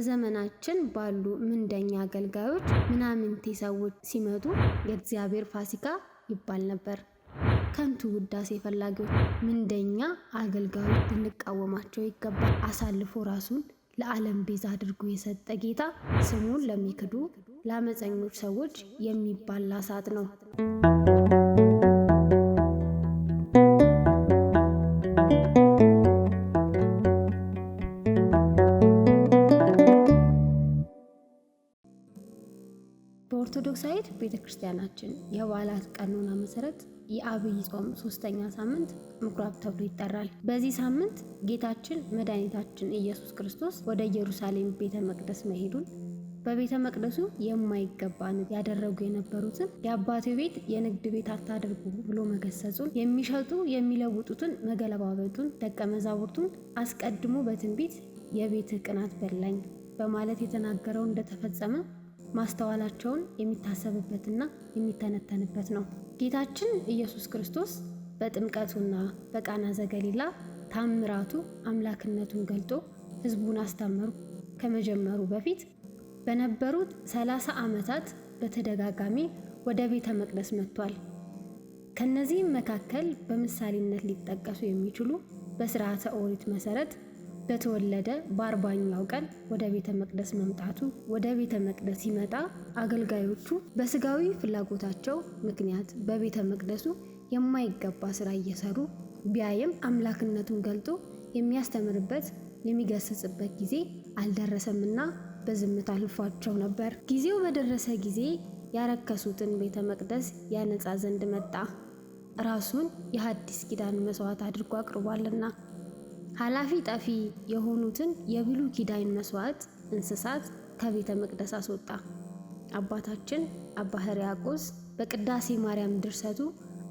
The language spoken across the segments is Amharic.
በዘመናችን ባሉ ምንደኛ አገልጋዮች ምናምንቴ ሰዎች ሲመጡ የእግዚአብሔር ፋሲካ ይባል ነበር። ከንቱ ውዳሴ ፈላጊዎች፣ ምንደኛ አገልጋዮች ልንቃወማቸው ይገባል። አሳልፎ ራሱን ለዓለም ቤዛ አድርጎ የሰጠ ጌታ ስሙን ለሚክዱ ለአመፀኞች ሰዎች የሚባል ላሳት ነው። ኦርቶዶክሳዊት ቤተ ክርስቲያናችን የበዓላት ቀኖና መሰረት የአብይ ጾም ሶስተኛ ሳምንት ምኩራብ ተብሎ ይጠራል። በዚህ ሳምንት ጌታችን መድኃኒታችን ኢየሱስ ክርስቶስ ወደ ኢየሩሳሌም ቤተ መቅደስ መሄዱን በቤተ መቅደሱ የማይገባን ያደረጉ የነበሩትን የአባቴ ቤት የንግድ ቤት አታደርጉ ብሎ መገሰጹን፣ የሚሸጡ የሚለውጡትን መገለባበጡን፣ ደቀ መዛሙርቱን አስቀድሞ በትንቢት የቤት ቅናት በላኝ በማለት የተናገረው እንደተፈጸመ ማስተዋላቸውን የሚታሰብበትና የሚተነተንበት ነው። ጌታችን ኢየሱስ ክርስቶስ በጥምቀቱና በቃና ዘገሊላ ታምራቱ አምላክነቱን ገልጦ ሕዝቡን አስተምሩ ከመጀመሩ በፊት በነበሩት ሰላሳ ዓመታት በተደጋጋሚ ወደ ቤተ መቅደስ መጥቷል። ከነዚህም መካከል በምሳሌነት ሊጠቀሱ የሚችሉ በስርዓተ ኦሪት መሰረት በተወለደ በአርባኛው ቀን ወደ ቤተ መቅደስ መምጣቱ። ወደ ቤተ መቅደስ ሲመጣ አገልጋዮቹ በስጋዊ ፍላጎታቸው ምክንያት በቤተ መቅደሱ የማይገባ ስራ እየሰሩ ቢያይም አምላክነቱን ገልጦ የሚያስተምርበት የሚገስጽበት ጊዜ አልደረሰምና በዝምታ አልፏቸው ነበር። ጊዜው በደረሰ ጊዜ ያረከሱትን ቤተ መቅደስ ያነጻ ዘንድ መጣ። ራሱን የሐዲስ ኪዳን መስዋዕት አድርጎ አቅርቧልና ኃላፊ ጠፊ የሆኑትን የብሉይ ኪዳን መስዋዕት እንስሳት ከቤተ መቅደስ አስወጣ። አባታችን አባ ሕርያቆስ በቅዳሴ ማርያም ድርሰቱ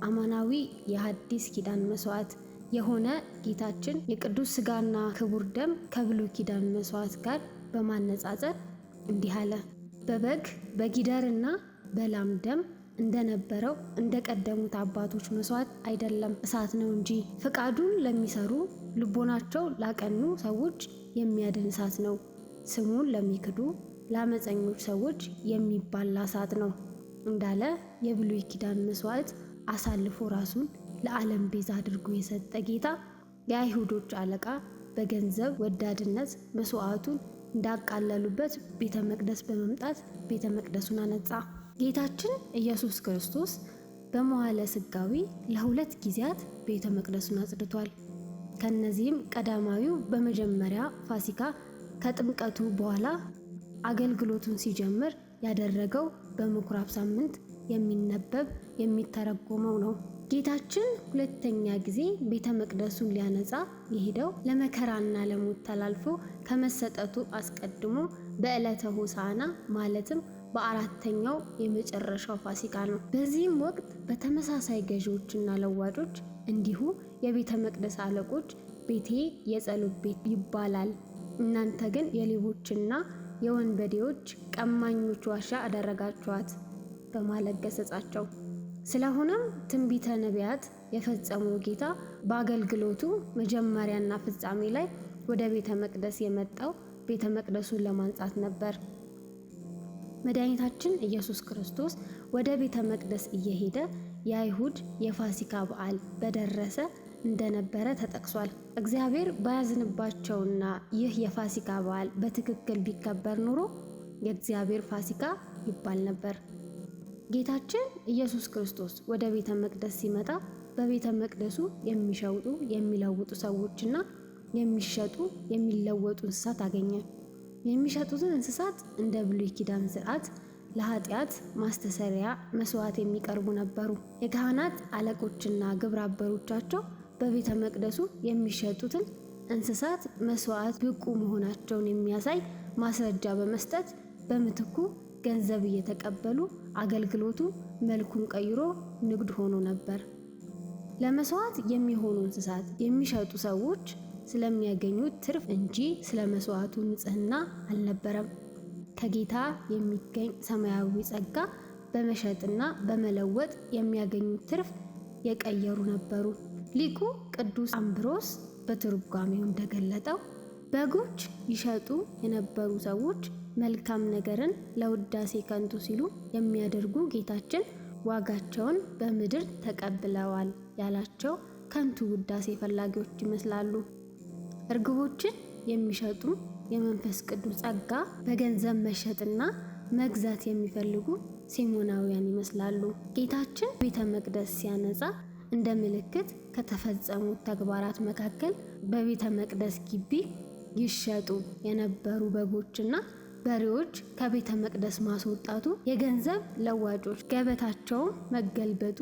አማናዊ የሐዲስ ኪዳን መስዋዕት የሆነ ጌታችን የቅዱስ ስጋና ክቡር ደም ከብሉይ ኪዳን መስዋዕት ጋር በማነጻጸር እንዲህ አለ። በበግ በጊደርና በላም ደም እንደነበረው እንደቀደሙት አባቶች መስዋዕት አይደለም እሳት ነው እንጂ ፈቃዱን ለሚሰሩ ልቦናቸው ላቀኑ ሰዎች የሚያድን እሳት ነው። ስሙን ለሚክዱ ለአመፀኞች ሰዎች የሚባላ እሳት ነው እንዳለ የብሉይ ኪዳን መስዋዕት አሳልፎ ራሱን ለዓለም ቤዛ አድርጎ የሰጠ ጌታ የአይሁዶች አለቃ በገንዘብ ወዳድነት መስዋዕቱን እንዳቃለሉበት ቤተ መቅደስ በመምጣት ቤተ መቅደሱን አነጻ። ጌታችን ኢየሱስ ክርስቶስ በመዋለ ስጋዊ ለሁለት ጊዜያት ቤተ መቅደሱን አጽድቷል። ከነዚህም ቀዳማዊው በመጀመሪያ ፋሲካ ከጥምቀቱ በኋላ አገልግሎቱን ሲጀምር ያደረገው በምኩራብ ሳምንት የሚነበብ የሚተረጎመው ነው። ጌታችን ሁለተኛ ጊዜ ቤተ መቅደሱን ሊያነጻ የሄደው ለመከራና ለሞት ተላልፎ ከመሰጠቱ አስቀድሞ በዕለተ ሆሳዕና ማለትም በአራተኛው የመጨረሻው ፋሲካ ነው። በዚህም ወቅት በተመሳሳይ ገዢዎችና ለዋጮች እንዲሁ የቤተ መቅደስ አለቆች ቤቴ የጸሎት ቤት ይባላል፣ እናንተ ግን የሌቦችና የወንበዴዎች ቀማኞች ዋሻ አደረጋችኋት በማለት ገሰጻቸው። ስለሆነም ትንቢተ ነቢያት የፈጸመው ጌታ በአገልግሎቱ መጀመሪያና ፍጻሜ ላይ ወደ ቤተ መቅደስ የመጣው ቤተ መቅደሱን ለማንጻት ነበር። መድኃኒታችን ኢየሱስ ክርስቶስ ወደ ቤተ መቅደስ እየሄደ የአይሁድ የፋሲካ በዓል በደረሰ እንደነበረ ተጠቅሷል። እግዚአብሔር ባያዝንባቸውና ይህ የፋሲካ በዓል በትክክል ቢከበር ኑሮ የእግዚአብሔር ፋሲካ ይባል ነበር። ጌታችን ኢየሱስ ክርስቶስ ወደ ቤተ መቅደስ ሲመጣ በቤተ መቅደሱ የሚሸውጡ የሚለውጡ ሰዎችና የሚሸጡ የሚለወጡ እንስሳት አገኘ። የሚሸጡትን እንስሳት እንደ ብሉይ ኪዳን ስርዓት ለኃጢአት ማስተሰሪያ መስዋዕት የሚቀርቡ ነበሩ። የካህናት አለቆችና ግብረ አበሮቻቸው በቤተ መቅደሱ የሚሸጡትን እንስሳት መስዋዕት ብቁ መሆናቸውን የሚያሳይ ማስረጃ በመስጠት በምትኩ ገንዘብ እየተቀበሉ አገልግሎቱ መልኩን ቀይሮ ንግድ ሆኖ ነበር። ለመስዋዕት የሚሆኑ እንስሳት የሚሸጡ ሰዎች ስለሚያገኙት ትርፍ እንጂ ስለ መስዋዕቱ ንጽህና አልነበረም። ከጌታ የሚገኝ ሰማያዊ ጸጋ በመሸጥና በመለወጥ የሚያገኙት ትርፍ የቀየሩ ነበሩ። ሊቁ ቅዱስ አምብሮስ በትርጓሜው እንደገለጠው በጎች ይሸጡ የነበሩ ሰዎች መልካም ነገርን ለውዳሴ ከንቱ ሲሉ የሚያደርጉ ጌታችን ዋጋቸውን በምድር ተቀብለዋል ያላቸው ከንቱ ውዳሴ ፈላጊዎች ይመስላሉ። እርግቦችን የሚሸጡ የመንፈስ ቅዱስ ጸጋ በገንዘብ መሸጥና መግዛት የሚፈልጉ ሲሞናውያን ይመስላሉ። ጌታችን ቤተ መቅደስ ሲያነጻ እንደ ምልክት ከተፈጸሙት ተግባራት መካከል በቤተ መቅደስ ግቢ ይሸጡ የነበሩ በጎችና በሬዎች ከቤተ መቅደስ ማስወጣቱ፣ የገንዘብ ለዋጮች ገበታቸውን መገልበጡ፣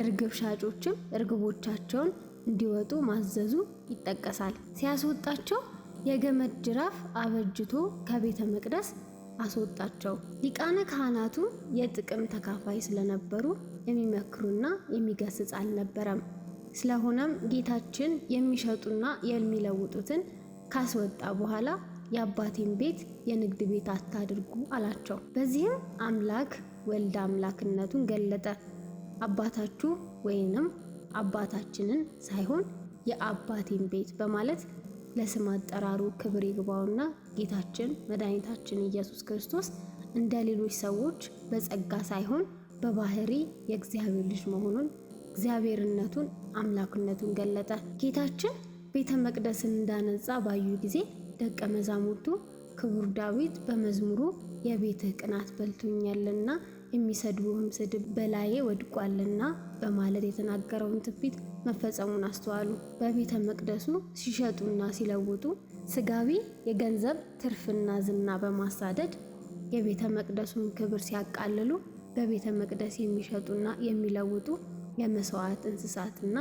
እርግብ ሻጮችም እርግቦቻቸውን እንዲወጡ ማዘዙ ይጠቀሳል። ሲያስወጣቸው የገመድ ጅራፍ አበጅቶ ከቤተ መቅደስ አስወጣቸው። ሊቃነ ካህናቱ የጥቅም ተካፋይ ስለነበሩ የሚመክሩና የሚገስጽ አልነበረም። ስለሆነም ጌታችን የሚሸጡና የሚለውጡትን ካስወጣ በኋላ የአባቴን ቤት የንግድ ቤት አታድርጉ አላቸው። በዚህም አምላክ ወልድ አምላክነቱን ገለጠ። አባታችሁ ወይንም አባታችንን ሳይሆን የአባቴን ቤት በማለት ለስም አጠራሩ ክብር ይግባውና ጌታችን መድኃኒታችን ኢየሱስ ክርስቶስ እንደ ሌሎች ሰዎች በጸጋ ሳይሆን በባህሪ የእግዚአብሔር ልጅ መሆኑን እግዚአብሔርነቱን አምላክነቱን ገለጠ። ጌታችን ቤተ መቅደስን እንዳነጻ ባዩ ጊዜ ደቀ መዛሙርቱ ክቡር ዳዊት በመዝሙሩ የቤትህ ቅናት በልቶኛልና የሚሰድቡም ስድብ በላዬ ወድቋልና በማለት የተናገረውን ትንቢት መፈጸሙን አስተዋሉ። በቤተ መቅደሱ ሲሸጡና ሲለውጡ ስጋዊ የገንዘብ ትርፍና ዝና በማሳደድ የቤተ መቅደሱን ክብር ሲያቃልሉ በቤተ መቅደስ የሚሸጡና የሚለውጡ የመስዋዕት እንስሳትና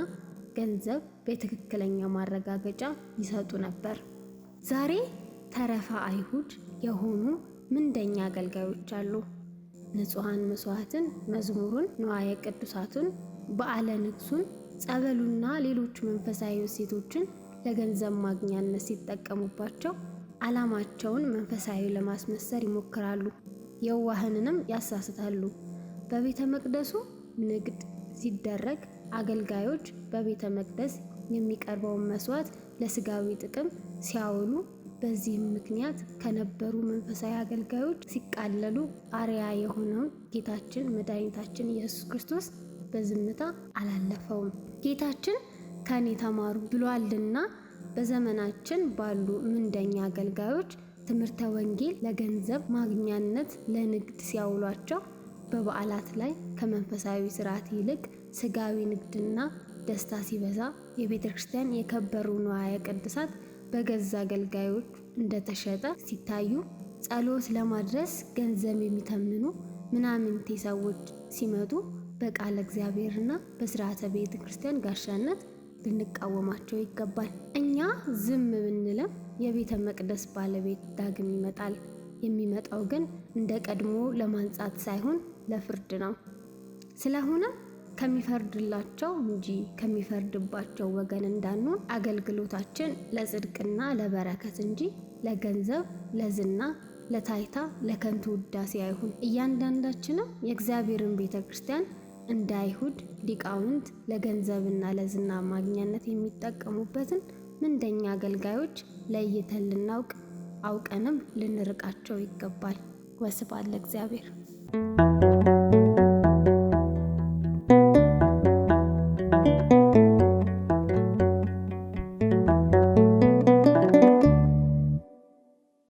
ገንዘብ በትክክለኛ ማረጋገጫ ይሰጡ ነበር። ዛሬ ተረፈ አይሁድ የሆኑ ምንደኛ አገልጋዮች አሉ። ንጹሐን መስዋዕትን፣ መዝሙሩን፣ ንዋየ ቅዱሳቱን፣ በዓለ ንግሱን፣ ጸበሉና ሌሎች መንፈሳዊ እሴቶችን ለገንዘብ ማግኛነት ሲጠቀሙባቸው ዓላማቸውን መንፈሳዊ ለማስመሰር ይሞክራሉ። የዋህንንም ያሳስታሉ። በቤተ መቅደሱ ንግድ ሲደረግ አገልጋዮች በቤተ መቅደስ የሚቀርበውን መስዋዕት ለስጋዊ ጥቅም ሲያውሉ በዚህም ምክንያት ከነበሩ መንፈሳዊ አገልጋዮች ሲቃለሉ አርያ የሆነው ጌታችን መድኃኒታችን ኢየሱስ ክርስቶስ በዝምታ አላለፈውም። ጌታችን ከኔ ተማሩ ብሏልና በዘመናችን ባሉ ምንደኛ አገልጋዮች ትምህርተ ወንጌል ለገንዘብ ማግኛነት ለንግድ ሲያውሏቸው በበዓላት ላይ ከመንፈሳዊ ስርዓት ይልቅ ስጋዊ ንግድና ደስታ ሲበዛ የቤተ ክርስቲያን የከበሩ ንዋየ ቅድሳት በገዛ አገልጋዮች እንደተሸጠ ሲታዩ ጸሎት ለማድረስ ገንዘብ የሚተምኑ ምናምንቴ ሰዎች ሲመጡ በቃለ እግዚአብሔርና በስርዓተ ቤተ ክርስቲያን ጋሻነት ልንቃወማቸው ይገባል። እኛ ዝም ብንለም የቤተ መቅደስ ባለቤት ዳግም ይመጣል። የሚመጣው ግን እንደ ቀድሞ ለማንጻት ሳይሆን ለፍርድ ነው። ስለሆነ ከሚፈርድላቸው እንጂ ከሚፈርድባቸው ወገን እንዳንሆን አገልግሎታችን ለጽድቅና ለበረከት እንጂ ለገንዘብ፣ ለዝና፣ ለታይታ፣ ለከንቱ ውዳሴ አይሁን። እያንዳንዳችንም የእግዚአብሔርን ቤተ ክርስቲያን እንደ አይሁድ ሊቃውንት ለገንዘብና ለዝና ማግኛነት የሚጠቀሙበትን ምንደኛ አገልጋዮች ለይተን ልናውቅ አውቀንም ልንርቃቸው ይገባል። ወስብሐት ለእግዚአብሔር።